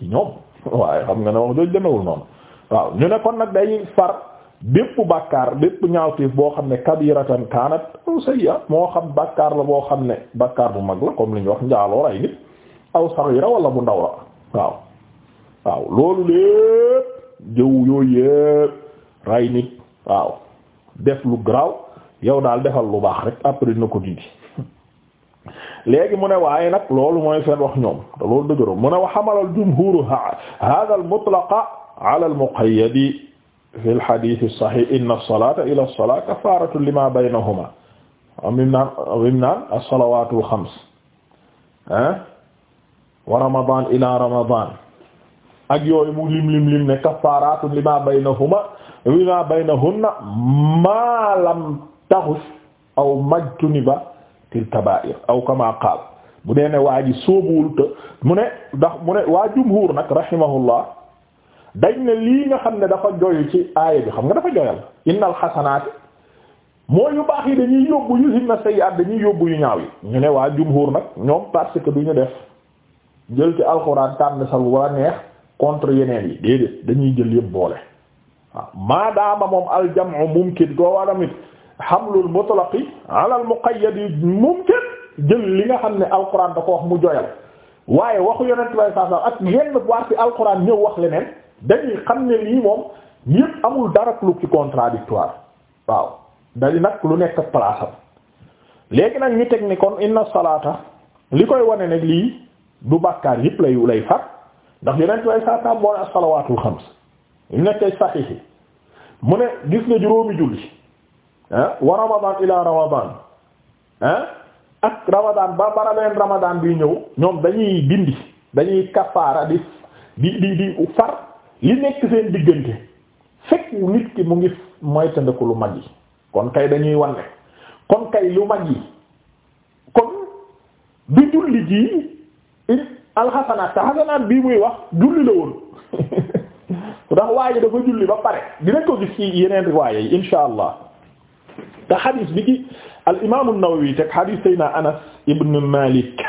ci ñoom waaye xam nga ne moom dooñ demewul noonu waaw ñu ne kon nag day far bépp bàkkaar bépp ñaawteef boo xam ne kabiratan kaanat sayya moo xam bàkkaar la boo xam ne bàkkaar bu mag la comme li ñu wax njaaloo rey nit aw saghira wala bu ndaw la waaw waaw loolu lépp jëw yooyu yépp rey nit waaw def lu graw yow daal defal lu baax rek après na ko dindi léegi mu ne waaye nag loolu mooy seen wax ñoom te loolu dëgëro mu ne wa xamala al jumhur hada al mutlaqa ala al muqayyadi fi al hadith as sahih inna as-salata ila as-salati kafaratu lima baynahuma amim naan amim naan as-salawatu al khams ah wa ramadan ila ramadan ak yooyu mu lim lim lim ne kafaratu lima baynahuma lima baynahunna ma lam taxus aw majtuniba til kabaa'ir aw kama qaal bu dee ne waa ji mu ne ndax mu ne waa jumhuur nag rahimahullah dañ ne lii nga xam ne dafa joyu ci aaya bi xam nga dafa joyal innal xasanaati mooy yu baax yi dañuy yóbbu yu him na sayyi'aat dañuy yóbbu yu ñaaw yi ñu ne waa jumhuur nag ñoom parce que du ñu def jël ci alxuraan tànn sa wala neex contre yeneen yi déedéet dañuy jël yëpp boole waaw maadaama moom aljamu mumkin too xam hamlul mutlaqi ala al muqayyadi mumkin jël li nga xam ne alquran da ko wax mu joyal waaye waxu yonent bay saa saa ak yenn partie alquran ñëw wax leneen dañuy xam ne lii moom ñépp amul dara lu ci contradictoire waaw dañu nag lu nekk place léegi nag ñu teg ni kon inna salaata li koy wane nag lii du bàkkaar yépp lay lay fat ndax yonent bay saa saa moo ne as-salawaatul xams nekk saxiix yi mu ne gis nga juróomi julli ah wa ramadan ila ramadan ah ak ramadan ba bara leen ramadan bi ñëw ñoom dañuy dindi dañuy kafaara di di di far li nekk seen diggante fekk nit ki mu ngi moytandiku lu mag yi kon kay dañuy wanne kon kay lu mag yi kon du julli ji alxasanaat te xasanaat bii muy wax julli la woon ndax waaye dafa julli ba pare dinañ ko gis ci yeneen riwaaye yi insha allah te xadis bi ci al imaamu Nawawi teg xadis sayna Anas ibn Malik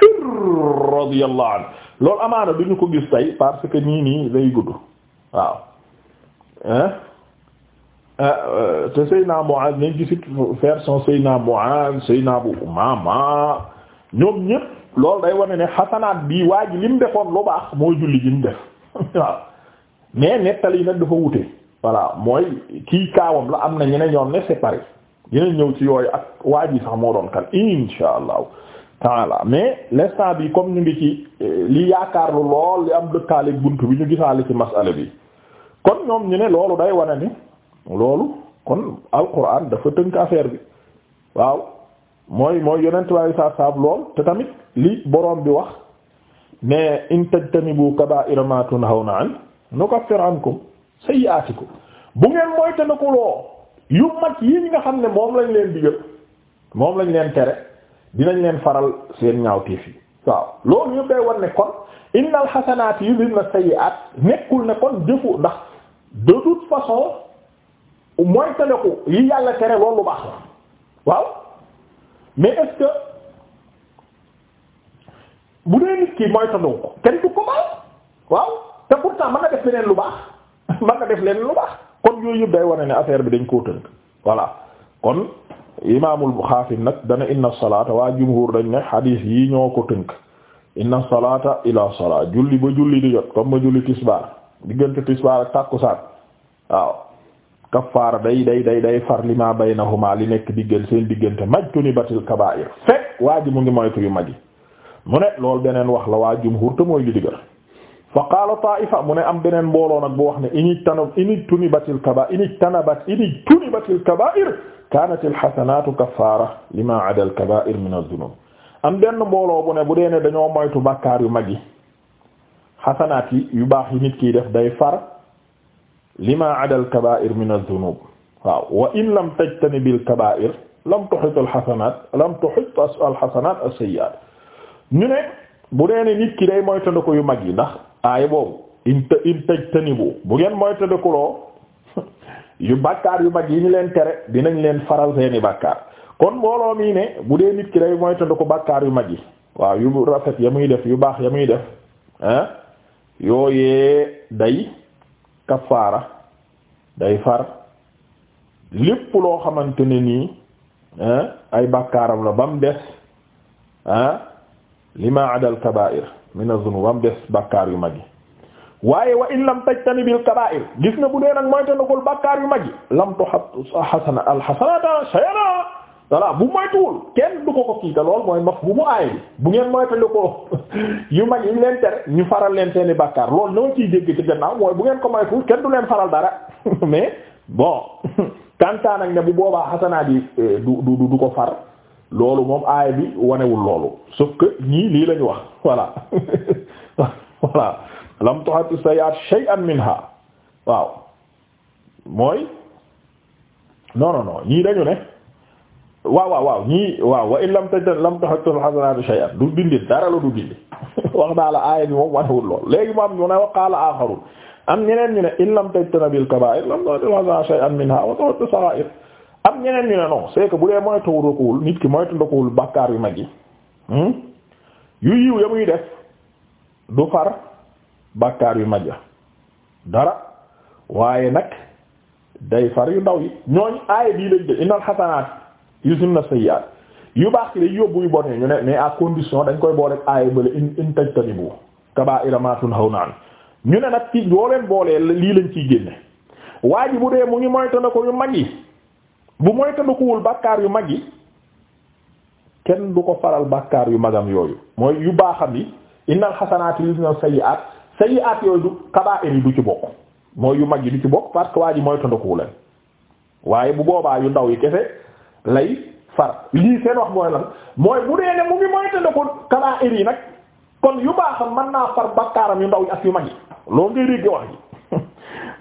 radiyallahu anhu loolu amaana duñu ko gis tey parce que nii nii lay gudd waaw euh, euh, te sayna Muaz nañ gisit version sayna Muaz sayna Abu Umama ñoom ñépp loolu day wane ne xasanaat bi waa ji lim defoon lu baax moo julli ji mu def waaw mais nettali nag dafa wute voilà mooy kii kaawam la am na ñeneen ñoom ne séparé dinañ ñëw ci yooyu ak waa ji sax moo doon kan insha allahu taala mais l'instant bi comme ñu ngi ci eh, li yaakaar lu lool li am dëkkaaleek bunt bi ñu gisaale ci masala bi kon ñoom ñu ne loolu day wane ni loolu kon alquran dafa tënk affaire bi waaw mooy mooy yonent bi saa saab lool te tamit li boroom bi wax mais in tajtanibu kaba'ira ma tunhawna an nukaffir ankum sayyi'atikum bu ngeen moytandikuloo yu mag yi nga xam ne moom lañ leen digal moom lañ leen tere dinañ leen faral seen ñaawteef yi waaw loolu yëpp day wan ne kon innal xasanaati yudhibna sayyi'aat nekkul ne kon jëfu ndax de toute façon mooy teleku yi yàlla tere loolu lu baax la waaw mais est bu dee nit ki mooy tanu ko kenn du ko baal waaw te pourtant mën na def leneen lu baax mën na def leneen lu baax. kon yooyu yëpp day wane ne affaire bi dañ koo tënk voilà kon imaamul xaafim nag dana inna salaata waa jumhur dañ ne xadiis yi ñoo ko tënk inna salaata ila salaat julli ba julli di jot comme ba julli tisbaar diggante tisbaar ak tàkkusaan waaw kafaara day day day day far li ma baynahuma li nekk diggante seen diggante majtuni batil kabaa'ir fekk waa mu ngi moytu yu mag yi mu ne loolu beneen wax la waa jumhur te mooy li diggal fa qaala ta'ifa mu ne am beneen mbooloo nag bu wax ne ini tana ini tunibatil kaba ini tanabat ini tunibatil kaba'ir kaanatil hasanatu kaffaara lima ada al kaba'ir min az-zunub am benn mbooloo bu ne bu dee ne dañoo moytu bakkaar yu mag yi xasanaat yi yu baax yi nit kiy def day far lima ada al kaba'ir min az-zunub waaw wa in lam tajtanibil kaba'ir lam tuhit al hasanat lam tuhit al hasanat as-sayyi'at ñu ne bu dee ne nit ki day moytandiku yu mag yi ndax aay boobu in të in tëj bu ngeen mooy yu bàkkaar yu mag yi ñu leen tere dinañ leen faral seeni bàkkaar kon mbooloo mii ne bu dee nit ki day mooy ko bàkkaar yu mag yi waaw yu rafet ya muy def yu baax ya muy def ah yooyee day kafaara day far lépp loo xamante ni nii ay bàkkaaram la ba mu des ah lima adal kabair mina zunu ba mu des bakkaar yu mag yi waaye wa in lam tajtani bil kaba'ir gis nga bu dee nag moytu ndakul bakkaar yu mag yi la tuhat hasana al hasanata shay'an voilà bu moytuwul kenn du ko ko kiita lool mooy maf bu mu aay bi bu ngeen moytali ko yu mag yi leen tere ñu faral leen seeni bakkaar lool noo ciy dégg ci gannaaw mooy bu ngeen ko moytuwul kenn du leen faral dara mais bon kantaan ak ne bu boobaa xasanaat yi eh, du du du ko far loolu moom aay bi wanewul loolu sauf que ñii lii lañu wax voilà voilà lam tuhatu sayyi'at shay'an minha waaw mooy non non non ñii dañu ne waaw waaw waaw ñii waaw wa in lam tajid lam tuhatu al-hasanatu shay'an du dindi dara la du dindi wax naa la aaya bi moom wanewul loolu léegi mu am ñu ne wa qaala aaxarun am ñeneen ñu ne in lam tajtanibil kabaa'ir lam tuhatu al-hasanatu shay'an minha wa tuhatu as-sagha'ir am ñeneen ñu ne non c'est bu dee mooy taw ndokuwul nit ki mooy taw ndokuwul bàkkaar yu mag yi hmm? yu yiw ya muy def du far bàkkaar yu mag ya dara waaye nag day far yu ndaw yi ñooñ aaya bii lañ de innal xasanaat yuzhibna sayyi'aat yu baax ci day yóbbu yu bon ñu ne mais à condition dañ koy boole aaya bële in in tajtanibu kabaa'ira maa tunhawna an ñu ne nag ci boo leen boolee lii lañ ciy génne waa ji bu dee mu ngi moytu na ko yu mag yi bu moytandikuwul bàkkaar yu mag yi kenn du ko faral bàkkaar yu magam yooyu mooy yu baaxam yi innal xasanaati yuzna sayyi'aat sayyi'aat yooyu du kabaa'ir yi du ci bokk mooy yu mag yi du ci bokk parce que waa ji moytandikuwu leen waaye bu boobaa yu ndaw yi kese lay far lii seen wax mooy lan mooy bu dee ne mu ngi moytandiku kabaa'ir yi nag kon yu baaxam man naa far bakkaaram yu ndaw yi ak yu mag yi loolu ngay dégg wax ji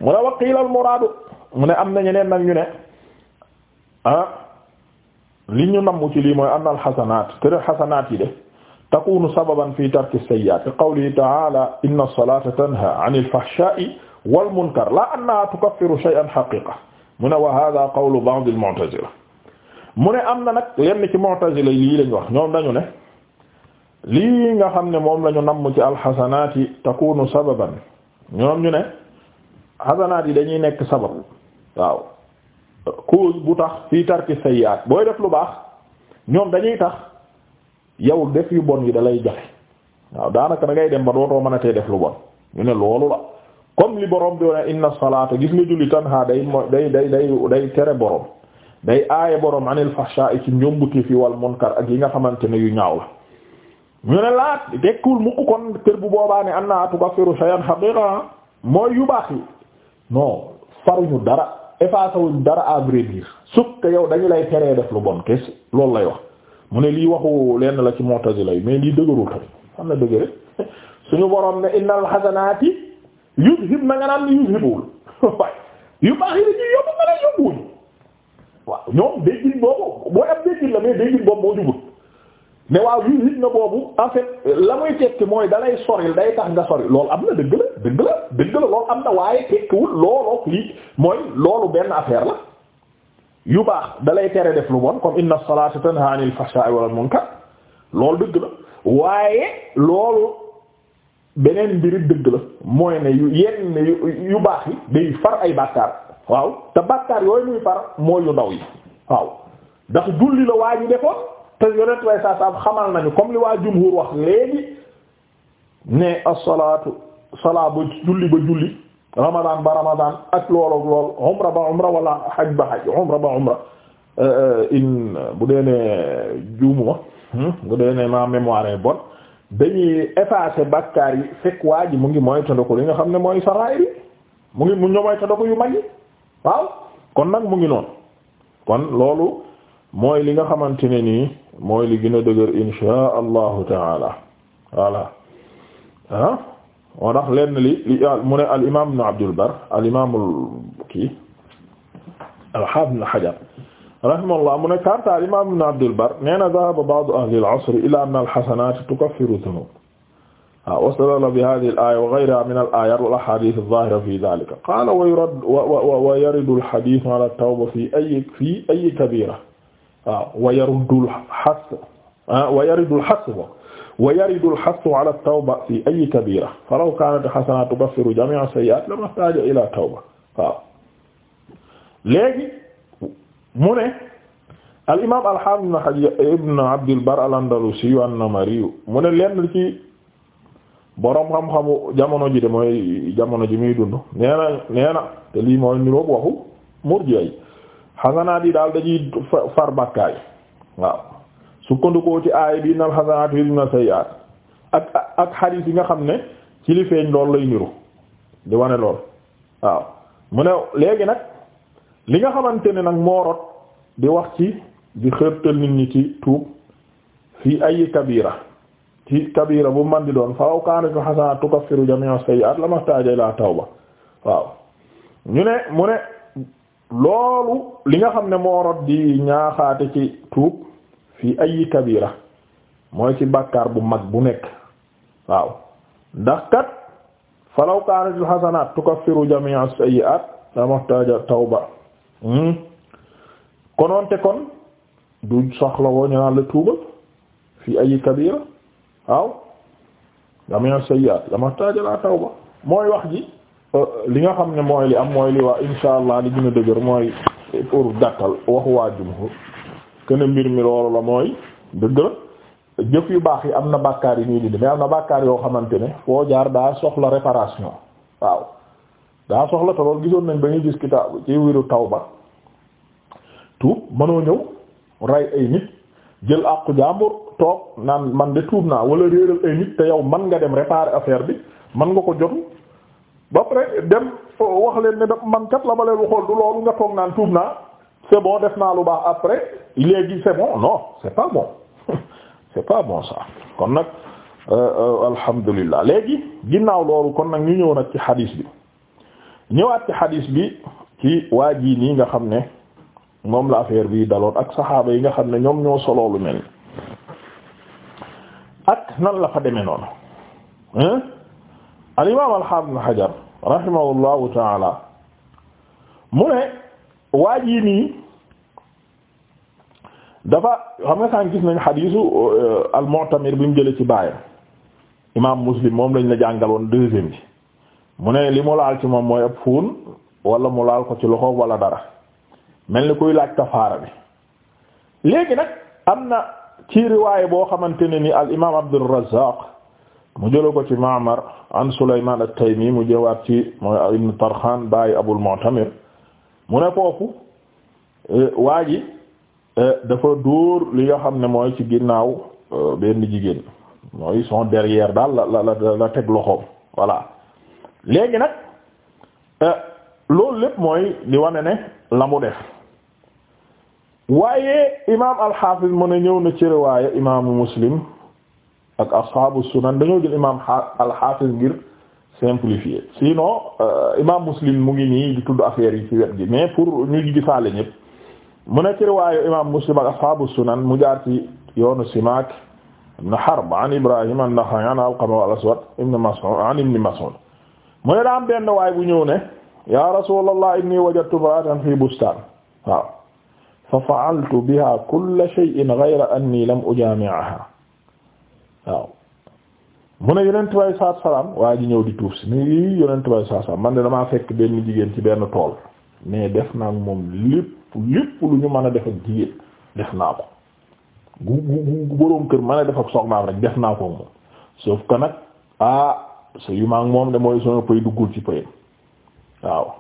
mu ne waqiilal muraadu mu ne am na ñeneen nag ñu ne ah li ñu namm ci lii mooy anna alxasanaat tere xasanaat yi de takunu sababan fi tarki sayyi'aat li qawlihi ta'aala inna as-salaata tanhaa 'anil fahshaa'i wal munkar laa annahaa tukaffiru shay'an haqiiqa mu ne wa haadaa qawlu ba'd al mu ne am na nag lenn ci mu'tazila lii lañ wax ñoom dañu ne lii nga xam ne moom la ñu ci alxasanaat yi takunu sababan ñoom ñu ne xasanaat yi dañuy nekk sabab cause bu tax fii tarki sayyaat booy def lu baax ñoom dañuy tax yow def yu bon yi da lay jafe waaw daanaka da ngay dem ba dootoo mën a tee def lu bon ñu ne loolu la comme li borom bi wone inna salaata gis nga julli day day day day tere borom day aaye borom anil fahsha'i ci njombuti fi wal munkar ak yi nga xamante ne yu ñaaw la ñu ne laat dekkul mukk kon kër bu boobaa ne anna tukaffiru shay'an haqiqa mooy yu baax yi non faruñu dara effacé wuñ dara à vrai dire sukk yow dañu lay teree def lu bon kes loolu lay wax mu ne lii waxu lenn la ci mu'tazila yi mais lii dëgërul tamit am na dëgëre suñu boroom ne innal xasanaati yuzhib na nga naan ni yuzhibul waaye yu baax yi dañuy nga ne yóbbuwuñu waaw ñoom déggin boobu boo am déggin la mais déggin boobu moo jubut ne waaw yu nit na boobu en la muy tekki mooy dalay soril day tax nga sori loolu am na dëgg la dëgg la dëgg la loolu am na waaye tekkiwul looloo lii mooy loolu benn affaire la yu baax dalay tere def lu bon comme inna as-salata tanha 'anil fahsha'i wal munkar loolu dëgg la waaye loolu beneen mbiri dëgg la mooy ne yu yenn yu baax yi day far ay bàkkaar waaw te bàkkaar yooyu muy far mooy yu ndaw yi waaw ndax julli la waa ñu defoon te yonent way xamal nañu comme li waa jumhur wax léegi ne as-salaatu salaa ba julli ba julli ramadan ba ramadan ak loolu lool umra ba umra wala haj ba haj umra ba umra euh, euh, in bu dee ne juumuma hmm, bu dee ne ma mémoire bon dañuy effacer bakkaar yi fekk waa ji mu ngi moytandiku li nga xam ne mooy saraayir mu ngi mu ñoo moytandiku yu mag yi waaw kon nag mu ngi noonu kon loolu mooy li nga xamante ne nii mooy li gën a dëgër insha allahu taala voilà ah moo tax lenn li li mu ne al imam ibn Abdul Barr al imaamul kii al hafiz ibn Hajar rahimahullah mu ne karta al imam ibn Abdul Barr nee na dhahaba ba'du ahli al asr ila anna al hasanati tukaffiru dhunub waaw ah, wastadalla bi hadhihi al aya wa ghayriha min al ayat wal ahadith adh-dhahira fi dhalika qala wa yurad wa yaridu al hadith ala at-tawba fi ay fi ay kabira waaw wa yarudul xas ah, wa yaridul xas ba wa yaridul xasu ala tawba fi ay kabira falaw kaanat xasanat tugaffiru jami'a sayyi'at la mahtaja ila tawba waaw léegi mu ne al imam alhamid ibn Abdul Barr al Andalusi an-Namari mu ne lenn ci boroom xam-xamu jamono ji de mooy jamono ji muy dund nee na nee na te lii mooy niroog waxu murjiya xasanaat yi daal dañuy far bàkkaay waaw sukkandikoo ci aay bi innal xasanaat yuzhibna sayyi'aat ak ak xadiis yi nga xam ne ci li feeñ lool lay niru di wane lool waaw mu ne léegi nag li nga xamante ne nag moo rot di wax ci di xërtal nit ñi ci tuub fii ay kabira ki kabira bu man di doon fa aw kaanat xasanaat tukaffiru jami'a sayyi'aat lamahtaja ila tawba waaw ñu ne mu ne loolu li nga xam ne moo rot di ñaaxaate ci tuub fii ayi kabira mooy ci bàkkaar bu mag bu nekk waaw ndax kat falaw kaanatil xasanaat tukaffiru jami'a sayyi'at la muhtaja tawba hmm? konoonte kon du soxla woo ñu la tuuba fii ayi kabira waaw jami'a sayyi'at la muhtaja la tawba mooy wax ji li nga xam ne mooy li am mooy li waa insha allah li gën a dëgër mooy pour gàttal waxu waa jumhur kën a mbir mi loolu la mooy dëgg jëf yu baax yi am na bàkkaar yi ñuy di mais am na bàkkaar yoo xamante ne foo jaar daa soxla réparation waaw daa soxla te loolu nañ ba ñuy gis kitaab ci wiru tawba tuub mënoo ñëw rey ay nit jël àqu jàmbur toog naan man de tuub naa wala réeral ay nit te yow man nga dem réparer affaire bi man nga ko jotu ba pare dem wax leen ne man kat la ma leen waxoon du loolu nga toog naan tuub naa c'est bon def naa lu baax après léegi c'est bon c'est pas bon c'est pas bon ça kon nag euh, euh, alhamdulillah léegi ginnaaw loolu kon nag ñu ñëw nag ci xadiis bi ñëwaat ci xadiis bi ci waa ji nii nga xam ne moom la affaire bi daloon ak saxaaba yi nga xam ne ñoom ñoo solo lu mel ak nan la fa demee noonu al imaam al-Haafiz Ibn Hajar rahimahullahu taala mu ne waa yi nii dafa xam nga sànq gis nañ xadiisu euh, al-Mu'tamir bi mu jëlee ci baayam imaam Muslim moom lañ la jàngaloon deuxième bi mu ne li mu laal ci moom mooy ab fuun wala mu laal ko ci loxo wala dara mel ni kuy laaj kafaara bi léegi nag am na ci riwaay boo xamante ne ni al imaam Abdurrazzaq mu jëla ko ci Ma'mar an Sulaymaan at-Taymi mu jëwaat ci mooy ibn Tarxaan bàyyi Abul Mu'tamir mu ne foofu eh, waa ji eh, dafa dóor li nga xam ne mooy ci ginnaaw eh, benn jigéen mooy son derrière daal la la la teg loxoom voilà léegi nag loolu lépp mooy li wane ne la mu def waaye imaam al mu ne ñëw na ci riwaaya imaamu Muslim ak ashaabu sunan dañoo jël imaam al-Hafiz ngir simplifier sinon euh, imaam Muslim mu ngi nii di tudd affaire yi ci wet gi mais pour ñu gisaale ñëpp mu nekk riwaayu imaam Muslim ak ashaabu sunan mu jaar ci yoonu Simaak ibn Harb an Ibrahim an-Nakha'i an Alqama al-Aswad ibn Mas'ud an ibn Mas'ud mu ne daa am benn waay bu ñëw ne ya Rasulallah inni wajadtu imra'atan fi bustaan waaw fa fa'altu biha kulla shay'in ghayra anni lam ujaami'aha waaw mu ne yonent bay saat waa ji ñëw di tuuf si ni i yonent bay saat salaam man de damaa fekk benn jigéen ci benn tool mais def naa ko moom lépp lépp lu ñu mën a def ak jigéen def naa ko gu gu gu boroom kër mën a def ak soxnaam rek def naa ko moom sauf que nag ah sa yu maag moom de mooy sama pëy duggul ci pëyam waaw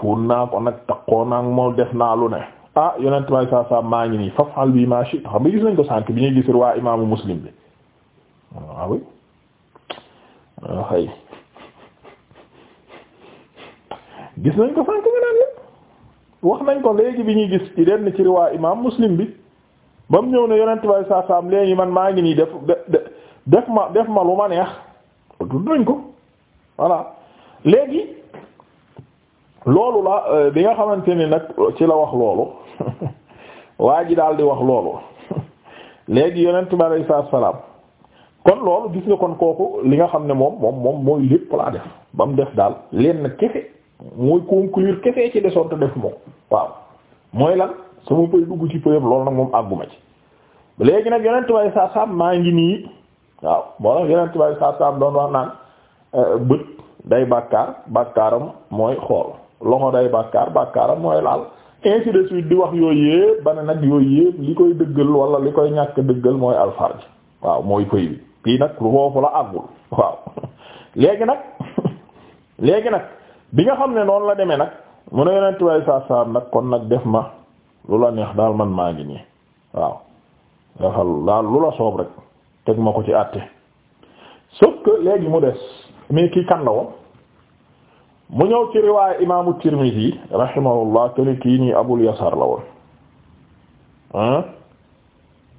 fuun naa ko nag takkoo naa moom def naa lu ne ah yonent bay saat salaam maa ngi nii fafal bi maa shi xam nga gis nañ ko sànk waa imaamu muslim ah oui xëy ah, gis nañ ko sànq ñu naan wax nañ ko léegi bi ñuy gis ci lenn ci riwaa imaam muslim bi ba mu ñëw ne yonent bi saa saam léegi man maa ngi nii def def ma def ma lu ma neex tudd nañ ko voilà léegi loolu la euh, bi nga xamante ni nag euh, ci la wax loolu waa ji daal di wax loolu léegi yonent bi saa salaam. kon loolu gis nga kon kooku li nga xam ne moom moom moom mooy lépp laa def ba mu def daal lenn kese mooy conclure kese ci desoon te def moom waaw mooy lan sama pëy dugg ci pëyam loolu nag moom àgguma ci léegi nag yonent bay saa saam maa ngi nii waaw moo tax yonent bay saa saam doon wax naan euh, bët day bàkkaar bàkkaaram mooy xool loxo day bàkkaar bàkkaaram mooy laal ainsi de suite di wax yooyu yëpp ba ne nag yooyu yëpp li koy dëggal wala li koy ñàkk dëggal mooy alfarj waaw mooy pëy kii nag lu foofu la àggul waaw léegi nag léegi nag bi nga xam ne noonu la demee nag mu ne yonent way saa saa nag kon nag def ma lu la neex daal man maa ngi nii waaw defal daal lu la soob rek teg ma ko ci àtte sauf que léegi mu des mais kii kan la woon mu ñëw ci riwaaya imaamu Tirmidhi rahimahullah kene kii nii Abul Yasar la woon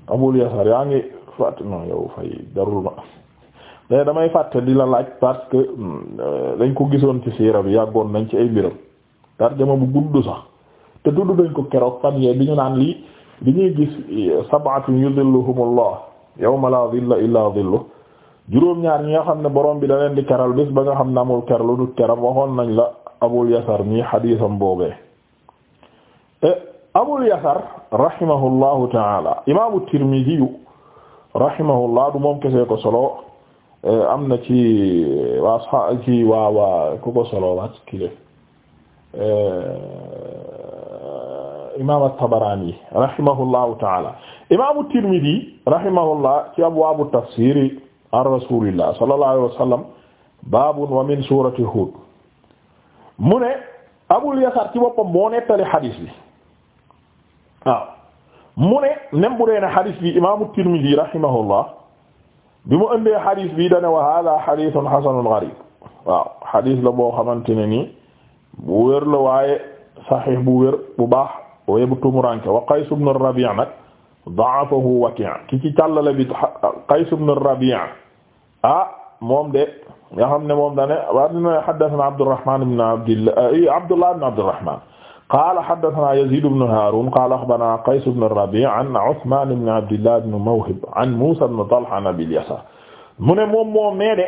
Abul Yasar yaa ngi fàtt non yow fay jarul ma mais damay fàtte di la laaj parce que hmm, euh, dañ ko gisoon ci siira bi yàggoon nañ ci ay mbiram tarjama bu gudd sax te dudd nañ ko keroog fan yee bi ñu naan lii bi ñuy gis euh, sab'atun yuzilluhumullah yawma la dhilla illa dhillu juróom-ñaar ñi nga xam ne borom bi da leen di keral bés ba nga xam ne amul kerlu du keram waxoon nañ la abul yasar nii xadiisam boobee eh, abul yasar rahimahullahu taala imaamu tirmidi rahimahullah du ko solo eh, am na ci waa sa ci waa waa ku ko solo waa eh, imaam at-Tabarani rahimahullahu ta'ala imaam at-Tirmidhi rahimahullah ci abwaabu tafsir ar rasulillah sallallahu alayhi wa sallam wa min suurati Huud mu ne Abul Yasar ci boppam moo nettali xadiis bi waaw mu ne même bu dee ne xadis bi imaamu Tirmidi rahimahullah bi mu ëndee xadis bi dane wa hada xadisun xasanun garib waaw la boo xamante ne nii bu wér la waaye saxiix bu wér bu baax bu tumuranke wa Qays ibn Rabi' nag da'afahu Waki' ki ci càllale bi Qays ibn Rabi' ah moom de nga xam ne moom dane waa dina eh, Abdullah qaala haddasanaa Yaziid ibn Haaruun qaala axbaranaa Qays ibn Rabii' an Usmaan ibn Abdillah ibn Mawhib an Muusaa ibn Talha an Abil Yasaar mu ne moom moo meede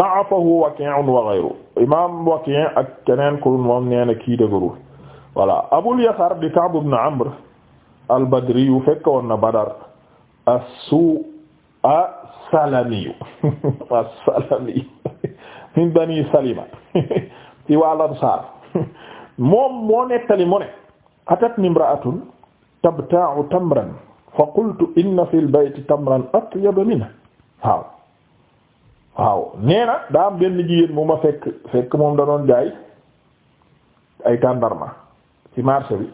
da'afahu Wakii' wa ghayruhu imaam Wakii' ak keneen ku moom nee na kii dëgërul voilà Abul Yasaar di Ka'b ibn Amr al-Badri yu fekk woon na Badar as-Suu as-Salami as-Salami min Banii Salima ci wàllu Ansaar moom moo nettali mu ne atatni imra'atun tabta'u tamran fa qultu inna fil bayti tamran atyaba minhu waaw waaw nee daa am benn jigéen mu ma fekk fekk moom da doon jaay ay tàndarma ci marché bi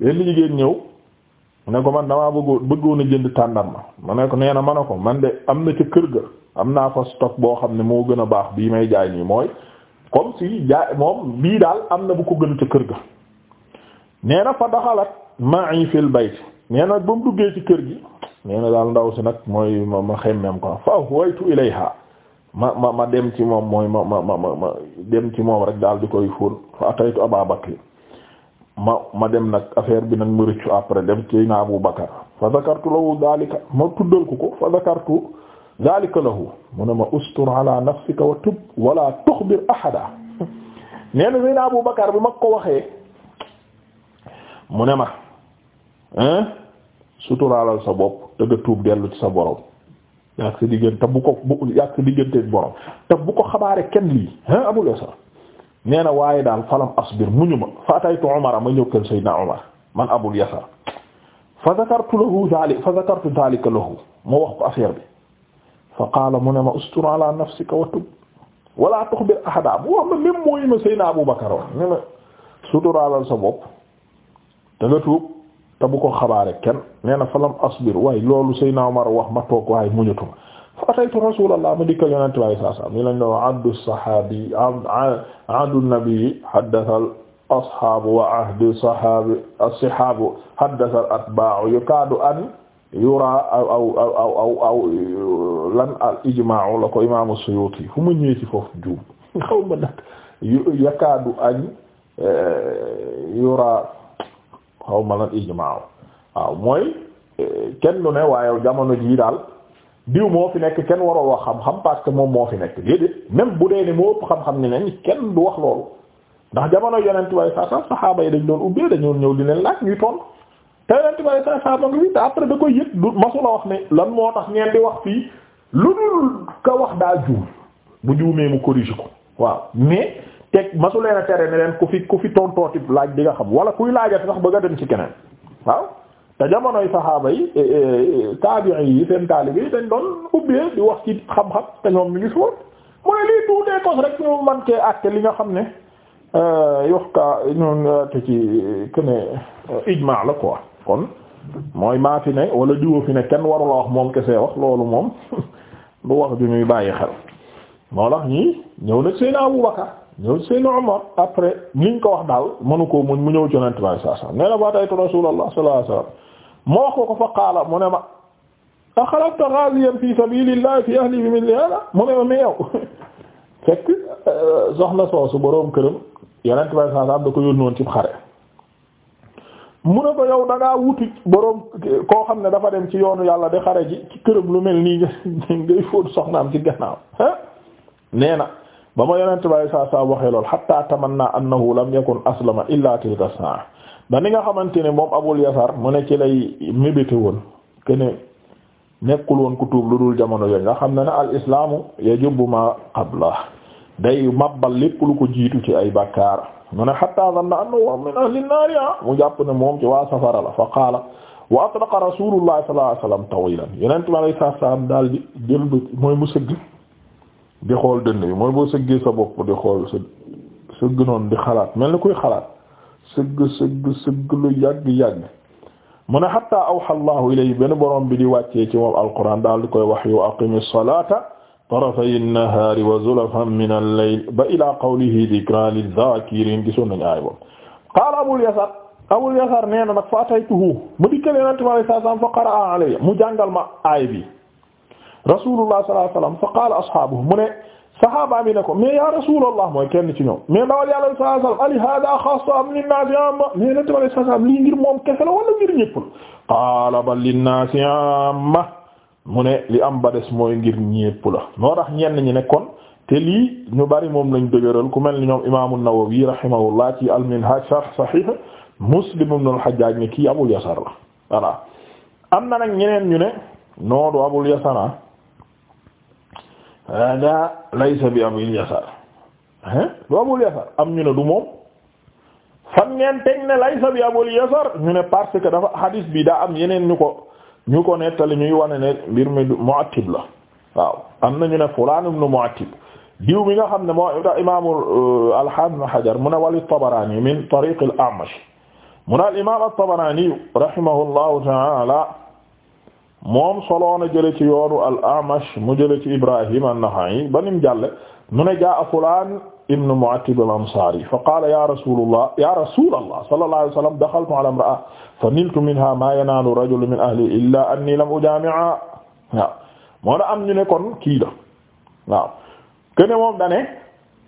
benn jigéen ñëw ne ko man damaa bëggoon bëggoon a jënd tàndarma ma ne ko nee na ma ne ko man de am na ca kër ga am naa fa stock boo xam ne moo gën a baax bii may jaay nii mooy comme si jaay moom bii daal am na bu ko gën ca kër ga nee na fa daxalat ma'i fil bayt nee na ba mu duggee ci kër gi nee na daal ndaw si nag mooy ma ma xemmem ko fa waytu ilayha ma ma ma dem ci moom mooy ma ma ma ma dem ci moom rek daal di koy fóon fa ataytu Aba Bakr ma ma dem nag affaire bi nag mu rëccu après dem ci na Abu Bakar fa zakartu lahu dalika ma tuddal ko ko fa zakartu zalika lahu mu ne ma ustur ala nafsika wa tub wala tuxbir ahada nee na Seydina Abu Bakar bi ma ko waxee mu ne ma suturaalal sa bopp te nga tuub dellu ci sa borom yàgg sa diggante te bu ko bu yàgg sa digganteeg borom te bu ko xabaare kenn lii ah Abu Yasar nee na waaye daal falam asbir muñu ma fa ataytu Umar ma ñëw kër Seydina Umar man Abu Yasar fa zakartu lahu zalik fa zakartu zalika lahu ma wax ko affaire bi. fa qaala mu ne ma ustur ala nafsika wa tub wala tuxbir ahada bu wax ma même mooy ma Seydina Abu Bakar wax ne ma suturaalal sa bopp te nga tuub te bu ko xabaare kenn nee na falam asbir waaye loolu Seydina Umar wax ma toog waaye muñutuma fa ataytu rasulallah ma dikkal yonente bi alei saat slam ni lañ doon addu sahabi addu nabii haddathal ashaabu wa ahdu sahaabi as-sihaabu haddathal atbaa'u yukaadu an yura aw aw aw aw lan al ijmaa la ko imaamu Suyuti fu mu ñëwee ci foofu juum xaw ma nag yakaadu añ e, yura xaw ma lan ijmaa waaw mooy e, kenn du ne waaye jamono jii daal diw moo fi nekk kenn waroo wax xam-xam parce que moom moo fi nekk déedéet même bu dee ne moo ëpp xam-xam ne ne kenn du wax loolu ndax jamono yonent waaye saa sax saxaaba yi dañ doon ubbee dañu ñëw di leen laaj ñuy tontu. te yonent bi alayhi salaatu salaam ngi fi te après da koy yëg du masula wax ne lan moo tax ngeen di wax fii lu dul ka wax daal juum bu juumee mu corrige ko waaw mais teg masuleena tere ne leen ku fi ku fi tontooti laaj di nga xam wala kuy laajati sax bëgg nga dem ci keneen waaw te jamonoy saxaaba yi eh, eh, eh, taabi'i yi seen taalibe dañ doon ubbee di wax ci xam-xam te ñoom ñu ngi fi mooy lii tuutee kos rek ñu man kee àtte li nga xam ne euh, yox ka ñoon te ci que euh, ijmaa la quoi kon mooy maa fi ne wala diwoo fi ne kenn warula wax moom kese wax loolu moom du wax du ñuy bàyyi xel moo la ñii ñëw na seen Abu Bakar ñëw seen Umar après liñ ko wax daal mënu koo muñ mu ñëw ci Yonent bi sallallahu alayhi wasallam nee na ba taytu Rasulullah sallallahu alayhi wasallam moo ko ko fa qaala mu ne ma axalafta ghaziyan fi sabilillah fi ahli bi mithli hada mu ne ma mi yow fekk euh, këram Yonent bi sallallahu alayhi da ko yónnoon ci xare mu ne ko yow da wuti boroom koo xam ne dafa dem ci yoonu yàlla di xare ji ci këram lu mel nii ngay fóot soxnaam ci gannaaw nee na ba ma yonent bàyyi saa saa waxee lool hatta tamanna annahu lam yakun aslama illa tilka saa ba ni nga xamante ne moom abul yasar mu ne ci lay mébéte woon kene nekkul woon ku tuub lu dul jamono yooyu nga xam ne ne al islaamu yajubu ma qabla day mabbal lépp lu ko jiitu ci ay bakkaar mu ne hatta zanna annahu min ahli an-naari ah. mu jàpp na moom ci waa safara la fa qaala wa atlaqa rasulullah sallallahu tawilan yeneen mi daal di mooy mu sëgg di xool dënn bi mooy boo sëggee sa bopp di xool sa sëgg noonu di xalaat mel ni kuy xalaat sëgg sëgg sëgg lu yàgg yàgg mu ne awha allahu ilayhi benn borom bi di wàccee ci moom alquran daal di koy wax yu aqimi salata tarafay nnahaari wa zulafan min al-layl ba ilaa qawlihi dhikraa liz-zaakiriin gisoon nañu aay boobu qaala Abul Yasar Abul Yasar nee na nag fa ataytuhu mu dikkale Yonent bi alayhi salaam fa qara'a alayya mu jàngal ma aay bi Rasulullah sallallahu alayhi wa sallam fa qaala ashaabuhu mu ne saxaaba mi ne ko mais yaa Rasulallah mooy kenn ci ñoom mais ndawal Yàlla sallallahu alayhi wa sallam ali haadaa xaassatun am linnaasi aamma mais Yonent bi alayhi salaam lii ngir moom kese la wala ngir ñépp qaala bal linnaasi aamma mu ne li am ba des mooy ngir ñépp la noo tax ñenn ñi ne kon te lii ñu bari moom lañ dëgëral ku mel ni ñoom imaamu Nawawi rahimahullah ci al-Minhaj sharh Sahih Muslim ibn al-Hajjaj ne kii Abul Yasar la am na nag ñeneen ñu ne noodu Abul Yasar ah. hada laysa bi Abul Yasar hein du Abul Yasar am ñu ne du moom fan ngeen teg ne laysa bi Abul Yasar ñu ne parce que dafa hadis bii daa am yeneen ñu ko ñu ko nettali ñuy wane ne mbir mi Mu'attib la waaw am na ñu ne fulaan ibn Mu'attib diw mi nga xam ne moo imaamu euh, al-Hafiz Ibn Hajar mu ne wali Tabarani min tariq al-A'mash mu ne al-imaam at-Tabarani rahimahullahu ta'ala moom solo soloona jële ci yoonu al-Amash mu jële ci Ibrahim an-Naxa'i banim jàlle mu ne jaa fulaan ibn Mu'attib al-Ansari fa qaala ya rasulullah ya rasulallah sallallahu alayhi wa sallam daxaltu ala imra'a fa niltu minha ma yanaalu rajul min ahli illa anni lam ujaami'a waaw moo na am ñu kon kii la waaw kene moom dane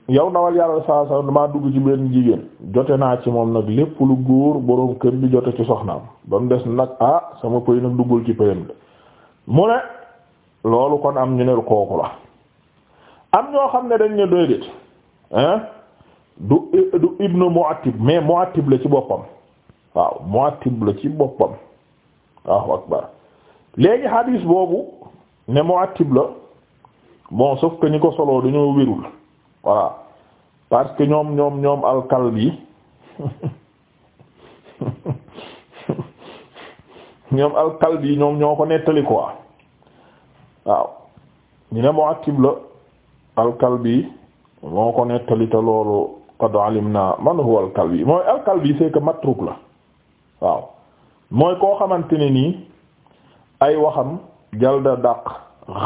yow ndawal yàlla sallallahu alayhi wa sallam dugg ci benn jigéen jote naa ci moom nag lépp lu góor boroom kër bi jote ci soxnaam ba mu des nag ah sama pëy nag duggul ci pëyam mu ne loolu kon am ñu ne kooku la am ñoo xam ne dañ ne doy déet hein du du ibnu mu'attib mais mu'attib la ci boppam waaw mu'attib la ci boppam waaw akbar léegi hadis boobu ne mu'attib la bon sauf que ñi ko soloo dañoo wérul voilà parce que ñoom ñoom ñoom alkalbi ñoom al-Kalbi ñoom ñoo ko nettali quoi waaw ñu ne Mu'attib la al-Kalbi moo ko nettali te loolu qad alimna man huwa al-Kalbi mooy al-Kalbi c'est matruk la waaw mooy koo xamante ne nii ay waxam jalda daq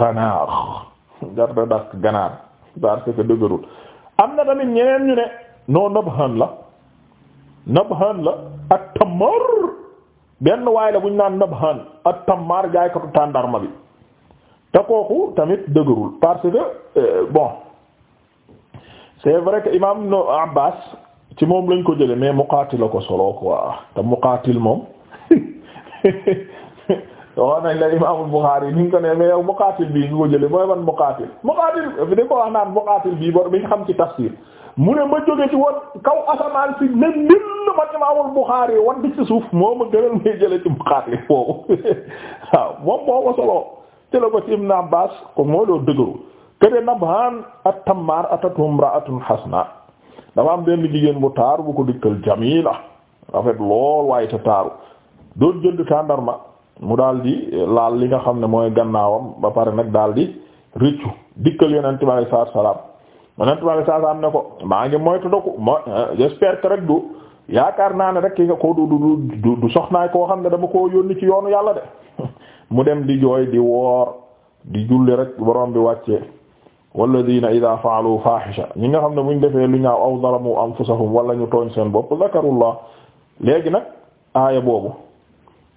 ganaar jalda daq ganaar parce que dëgërul am na tamit ñeneen ñu ne noo nabhan la nabhan la ak tamar benn waay la bu ñu naan nabhan ak tammaar jaaykatu tàndarma bi te kooku tamit dëgërul parce que euh, bon c'est vrai que imam no abbas ci moom lañ ko jële mais muqaatil la ko solo quoi te muqaatil moom wax nañ la imaamul Buxaari ni ñu ko ne mais yow muqaatil bii nga ko jële mooy ban muqaatil muqaatil fi di ko wax naan muqaatil bii bor biñ xam ci tafsir mu ne ma jóge ci woon kaw asamaan si ne ndill ma imaamul Buxaari wan di ci suuf moo ma gënal muy jële ci Buxaari boobu waaw moom moo ko soloo ci la ko ci Ibn Abbaas ko moo loo dëgëru kede Nabhaan at-Tammaar atatu imra'atun hasna dama am benn jigéen bu taaru bu ko dikkal jamila rafet lool waaye te taaru doon jënd tàndarma mu daal di laal li nga xam ne mooy gannaawam ba pare nag daal di rëccu dikkal Yonent bi sallallahu alayhi wasallam yonent bi saa saa am ne ko maa ngi moytu doku mo j'espère du yaakaar naa ne rek ki nga ko du du du soxnaay koo xam ne dama koo yónni ci yoonu yàlla de mu dem di jooy di woor di julli rek borom bi wàcce walladina ida faalu fahisha ñi nga xam ne buñ defee lu ñaaw aw am anfusahum wala ñu tooñ seen bopp zakarullah léegi nag aaya boobu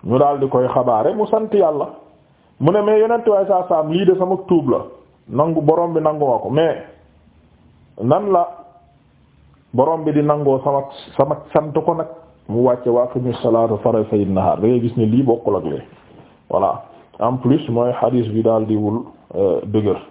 ñu daal di koy xabaare mu sant yàlla mu ne mais yonent bi saa saa am lii de sama tuub la nangu borom bi nangu ko mais. nan la borom bi di nangoo sama sama sant ko nag mu wàcce waa qimis o tarafay nahar da ngay gis ni lii bokkul ak lee voilà en plus mooy hadis bi daal diwul euh, dëgër